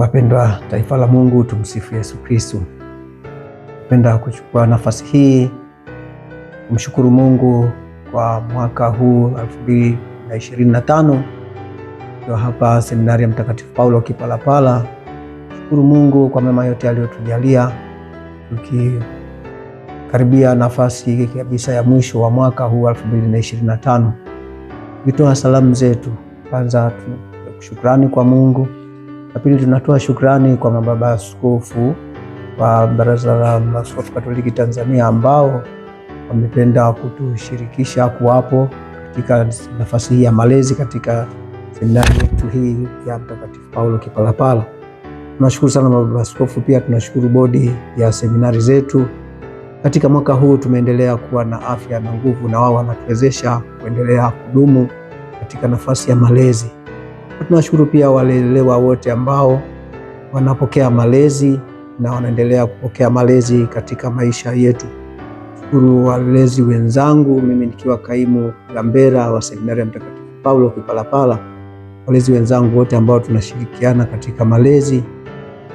Wapendwa taifa la Mungu, tumsifu Yesu Kristo. Napenda kuchukua nafasi hii kumshukuru Mungu kwa mwaka huu 2025 kwa hapa seminari ya Mtakatifu Paulo Kipalapala. Shukuru Mungu kwa mema yote aliyotujalia, tukikaribia nafasi kabisa ya mwisho wa mwaka huu 2025. Vitoa salamu zetu kwanza, shukrani kwa Mungu la pili, tunatoa shukrani kwa mababa askofu wa Baraza la Maaskofu Katoliki Tanzania ambao wamependa kutushirikisha kuwapo katika nafasi hii ya malezi katika seminari yetu hii ya Mtakatifu Paulo Kipalapala. Tunashukuru sana mababa askofu. Pia tunashukuru bodi ya seminari zetu. Katika mwaka huu tumeendelea kuwa na afya na nguvu, na wao wanatuwezesha kuendelea kudumu katika nafasi ya malezi na tunawashukuru pia walelewa wote ambao wanapokea malezi na wanaendelea kupokea malezi katika maisha yetu. Shukuru walezi wenzangu, mimi nikiwa kaimu Lambera wa seminari ya Mtakatifu Paulo Kipalapala, walezi wenzangu wote ambao tunashirikiana katika malezi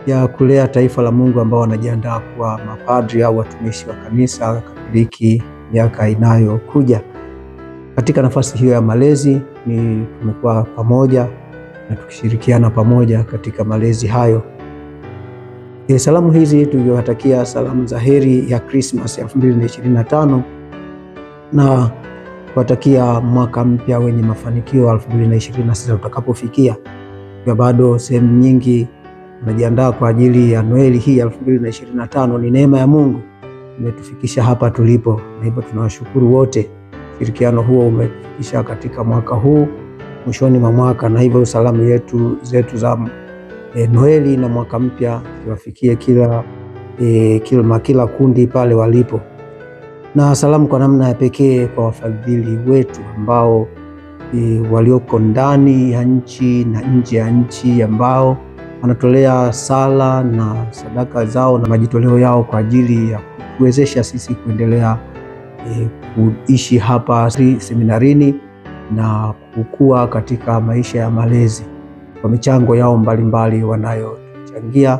ya kulea taifa la Mungu ambao wanajiandaa kuwa mapadri au watumishi wa kanisa Katoliki miaka inayokuja. Katika nafasi hiyo ya malezi ni tumekuwa pamoja na tukishirikiana pamoja katika malezi hayo. E, salamu hizi tuliowatakia salamu za heri ya Krismas 2025 na kuwatakia mwaka mpya wenye mafanikio 2026 utakapofikia, kwa bado sehemu nyingi unajiandaa kwa ajili ya Noeli hii ya 2025. Ni neema ya Mungu imetufikisha hapa tulipo, na hivyo tunawashukuru wote, ushirikiano huo umefikisha katika mwaka huu mwishoni mwa mwaka, na hivyo salamu yetu zetu za e, Noeli na mwaka mpya ziwafikie kila, e, kila, kila kundi pale walipo, na salamu kwa namna ya pekee kwa wafadhili wetu ambao e, walioko ndani ya nchi na nje ya nchi ambao wanatolea sala na sadaka zao na majitoleo yao kwa ajili ya kuwezesha sisi kuendelea e, kuishi hapa seminarini na kukua katika maisha ya malezi kwa michango yao mbalimbali wanayochangia,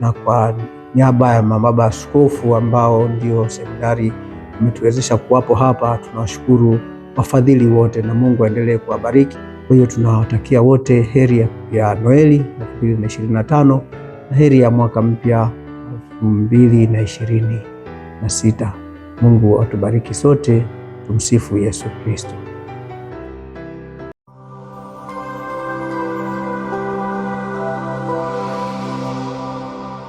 na kwa niaba ya mababa askofu ambao ndio seminari umetuwezesha kuwapo hapa, tunawashukuru wafadhili wote na Mungu aendelee kuwabariki. Kwa hiyo tunawatakia wote heri ya Noeli 2025 na heri ya mwaka mpya 2026. Mungu atubariki sote. Tumsifu Yesu Kristo.